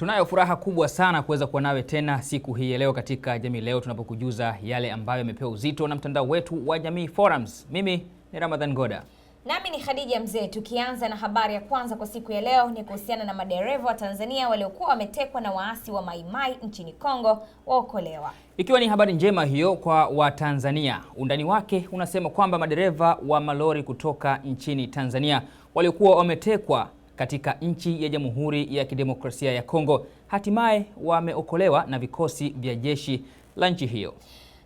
Tunayo furaha kubwa sana kuweza kuwa nawe tena siku hii ya leo katika Jamii Leo tunapokujuza yale ambayo yamepewa uzito na mtandao wetu wa Jamii Forums. Mimi ni Ramadhan Goda. Nami ni Khadija Mzee. Tukianza na habari ya kwanza kwa siku ya leo ni kuhusiana na madereva wa Tanzania waliokuwa wametekwa na waasi wa Maimai nchini Kongo waokolewa, ikiwa ni habari njema hiyo kwa Watanzania. Undani wake unasema kwamba madereva wa malori kutoka nchini Tanzania waliokuwa wametekwa katika nchi ya Jamhuri ya Kidemokrasia ya Kongo hatimaye wameokolewa na vikosi vya jeshi la nchi hiyo.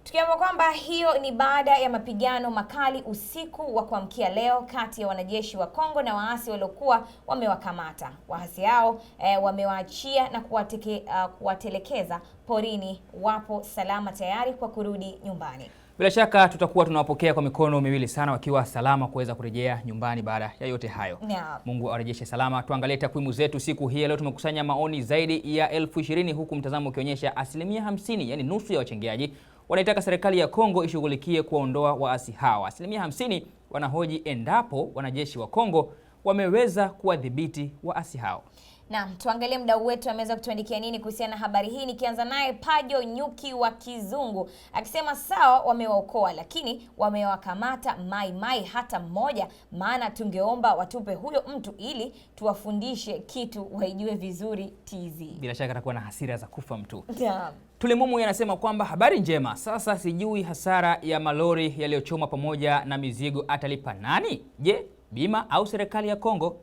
Tukiamua kwamba hiyo ni baada ya mapigano makali usiku wa kuamkia leo kati ya wanajeshi wa Kongo na waasi waliokuwa wamewakamata. Waasi hao e, wamewaachia na kuwateke, uh, kuwatelekeza porini, wapo salama tayari kwa kurudi nyumbani. Bila shaka tutakuwa tunawapokea kwa mikono miwili sana, wakiwa salama kuweza kurejea nyumbani baada ya yote hayo yeah. Mungu awarejeshe salama. Tuangalie takwimu zetu siku hii leo, tumekusanya maoni zaidi ya elfu ishirini huku mtazamo ukionyesha asilimia hamsini, yani nusu ya wachangiaji wanaitaka serikali ya Kongo ishughulikie kuwaondoa waasi hawa. Asilimia hamsini wanahoji endapo wanajeshi wa Kongo wameweza kuwadhibiti waasi hao. Naam, tuangalie mdau wetu ameweza kutuandikia nini kuhusiana na habari hii, nikianza naye Pajo Nyuki wa Kizungu akisema sawa, wamewaokoa lakini wamewakamata maimai mai hata mmoja, maana tungeomba watupe huyo mtu ili tuwafundishe kitu waijue vizuri TZ. Bila shaka atakuwa na hasira za kufa mtu. Naam. Tule Mumu anasema kwamba habari njema. Sasa sijui hasara ya malori yaliyochoma pamoja na mizigo atalipa nani? Je, bima au serikali ya Kongo?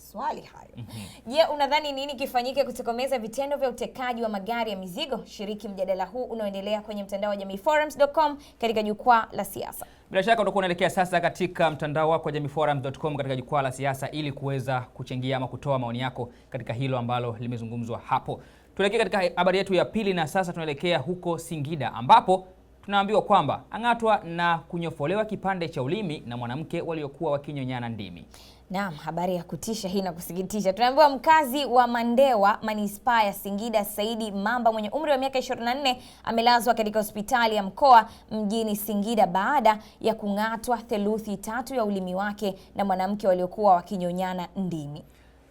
maswali hayo. Mhm. Je, unadhani nini kifanyike kutokomeza vitendo vya utekaji wa magari ya mizigo? Shiriki mjadala huu unaoendelea kwenye mtandao wa JamiiForums.com katika jukwaa la siasa. Bila shaka utakuwa unaelekea sasa katika mtandao wako wa JamiiForums.com katika jukwaa la siasa ili kuweza kuchangia ama kutoa maoni yako katika hilo ambalo limezungumzwa hapo. Tuelekee katika habari yetu ya pili, na sasa tunaelekea huko Singida ambapo tunaambiwa kwamba ang'atwa na kunyofolewa kipande cha ulimi na mwanamke waliokuwa wakinyonyana ndimi. Naam, habari ya kutisha hii na kusikitisha. Tunaambiwa mkazi wa Mandewa, manispaa ya Singida, Saidi Mamba mwenye umri wa miaka 24 amelazwa katika hospitali ya mkoa mjini Singida baada ya kung'atwa theluthi tatu ya ulimi wake na mwanamke waliokuwa wakinyonyana ndimi.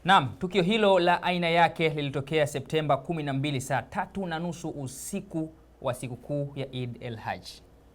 Naam, tukio hilo la aina yake lilitokea Septemba 12 saa tatu na nusu usiku wa sikukuu ya Eid el Hajj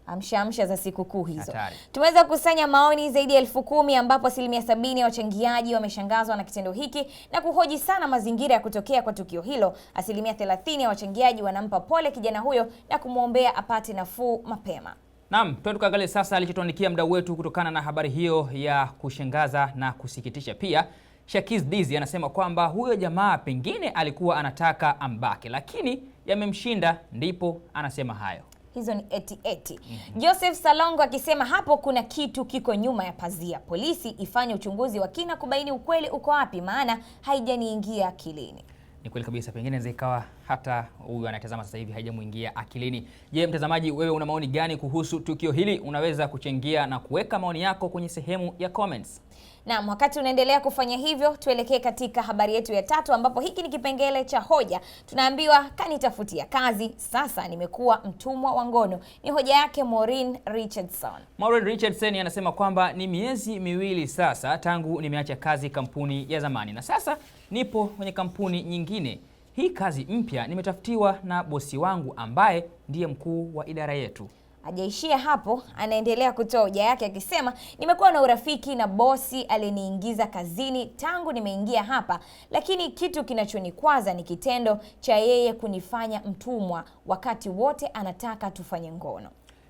amshaamsha za sikukuu hizo. Tumeweza kukusanya maoni zaidi ya elfu kumi ambapo asilimia sabini ya wachangiaji wameshangazwa na kitendo hiki na kuhoji sana mazingira ya kutokea kwa tukio hilo. Asilimia thelathini ya wachangiaji wanampa pole kijana huyo na kumwombea apate nafuu mapema. Naam, twende tukaangalie sasa alichotuandikia mdau wetu kutokana na habari hiyo ya kushangaza na kusikitisha. Pia Shakiz Dizi anasema kwamba huyo jamaa pengine alikuwa anataka ambake, lakini yamemshinda ndipo anasema hayo hizo ni eti eti. mm -hmm. Joseph Salongo akisema hapo kuna kitu kiko nyuma ya pazia, polisi ifanye uchunguzi wa kina kubaini ukweli uko wapi, maana haijaniingia akilini. Ni kweli kabisa, pengine zikawa hata huyu anatazama sasa hivi haijamuingia akilini. Je, mtazamaji, wewe una maoni gani kuhusu tukio hili? Unaweza kuchangia na kuweka maoni yako kwenye sehemu ya comments. Naam, wakati unaendelea kufanya hivyo, tuelekee katika habari yetu ya tatu, ambapo hiki ni kipengele cha hoja. Tunaambiwa kanitafutia kazi, sasa nimekuwa mtumwa wa ngono. Ni hoja yake Maureen Richardson. Maureen Richardson anasema kwamba ni miezi miwili sasa tangu nimeacha kazi kampuni ya zamani na sasa nipo kwenye kampuni nyingine. Hii kazi mpya nimetafutiwa na bosi wangu ambaye ndiye mkuu wa idara yetu. Hajaishia hapo, anaendelea kutoa hoja yake akisema, nimekuwa na urafiki na bosi aliyeniingiza kazini tangu nimeingia hapa, lakini kitu kinachonikwaza ni kitendo cha yeye kunifanya mtumwa wakati wote anataka tufanye ngono.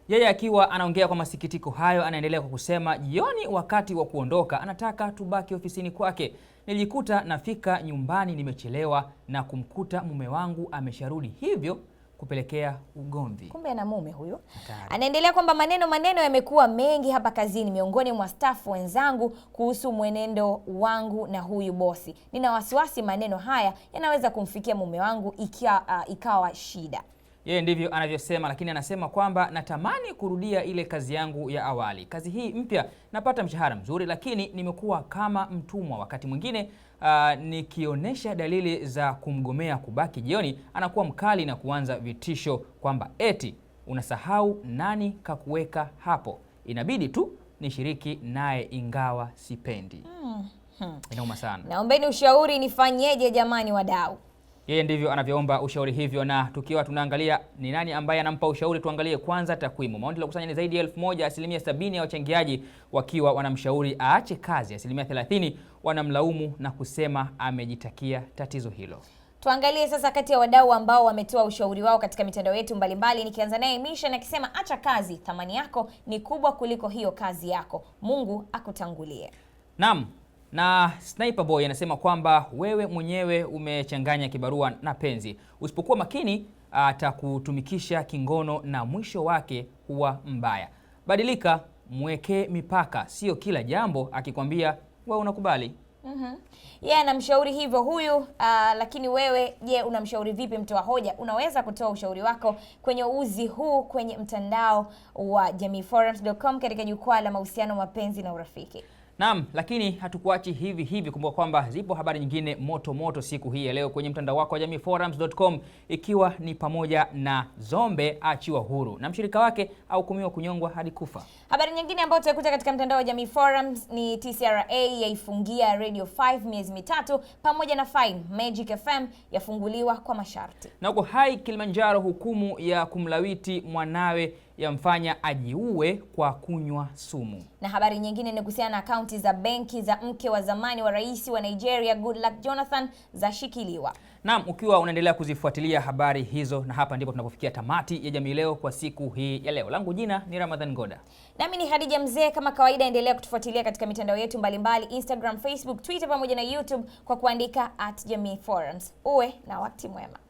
Yeye akiwa anaongea kwa masikitiko hayo, anaendelea kwa kusema, jioni wakati wa kuondoka anataka tubaki ofisini kwake Nilijikuta nafika nyumbani nimechelewa na kumkuta mume wangu amesharudi, hivyo kupelekea ugomvi. Kumbe ana mume huyo. Anaendelea kwamba maneno maneno yamekuwa mengi hapa kazini miongoni mwa staff wenzangu kuhusu mwenendo wangu na huyu bosi. Nina wasiwasi maneno haya yanaweza kumfikia mume wangu ikia, uh, ikawa shida. Yeye ndivyo anavyosema, lakini anasema kwamba natamani kurudia ile kazi yangu ya awali. Kazi hii mpya napata mshahara mzuri, lakini nimekuwa kama mtumwa. Wakati mwingine uh, nikionyesha dalili za kumgomea kubaki jioni, anakuwa mkali na kuanza vitisho kwamba eti unasahau nani kakuweka hapo, inabidi tu nishiriki naye ingawa sipendi. Hmm. hmm. Inauma sana. Naombeni ushauri, nifanyeje jamani wadau? Yeye ndivyo anavyoomba ushauri hivyo, na tukiwa tunaangalia ni nani ambaye anampa ushauri, tuangalie kwanza takwimu. Maoni kusanya ni zaidi ya elfu moja, asilimia sabini ya wachangiaji wakiwa wanamshauri aache kazi, asilimia thelathini wanamlaumu na kusema amejitakia tatizo hilo. Tuangalie sasa kati ya wadau ambao wametoa ushauri wao katika mitandao yetu mbalimbali, nikianza naye Mishan akisema acha kazi, thamani yako ni kubwa kuliko hiyo kazi yako, Mungu akutangulie. Naam. Na Sniper Boy anasema kwamba wewe mwenyewe umechanganya kibarua na penzi, usipokuwa makini atakutumikisha kingono na mwisho wake huwa mbaya. Badilika, mwekee mipaka, sio kila jambo akikwambia wewe unakubali. Mm -hmm. Yeye yeah, anamshauri hivyo huyu uh, lakini wewe je, yeah, unamshauri vipi wa hoja? Unaweza kutoa ushauri wako kwenye uzi huu kwenye mtandao wa JamiiForums.com katika jukwaa la mahusiano, mapenzi na urafiki. Naam, lakini hatukuachi hivi hivi. Kumbuka kwamba zipo habari nyingine moto moto siku hii ya leo kwenye mtandao wako wa JamiiForums.com, ikiwa ni pamoja na Zombe achiwa huru na mshirika wake ahukumiwa kunyongwa hadi kufa. Habari nyingine ambayo tutakuta katika mtandao wa Jamii Forums ni TCRA yaifungia Radio 5 miezi mitatu pamoja na fine. Magic FM yafunguliwa kwa masharti. Na huko Hai Kilimanjaro, hukumu ya kumlawiti mwanawe yamfanya ajiue kwa kunywa sumu. Na habari nyingine ni kuhusiana na akaunti za benki za mke wa zamani wa rais wa Nigeria Goodluck Jonathan zashikiliwa. Naam, ukiwa unaendelea kuzifuatilia habari hizo, na hapa ndipo tunapofikia tamati ya Jamii Leo kwa siku hii ya leo. Langu jina ni Ramadhan Ngoda, nami ni Hadija Mzee. Kama kawaida, endelea kutufuatilia katika mitandao yetu mbalimbali, Instagram, Facebook, Twitter pamoja na YouTube kwa kuandika at Jamii Forums. Uwe na wakati mwema.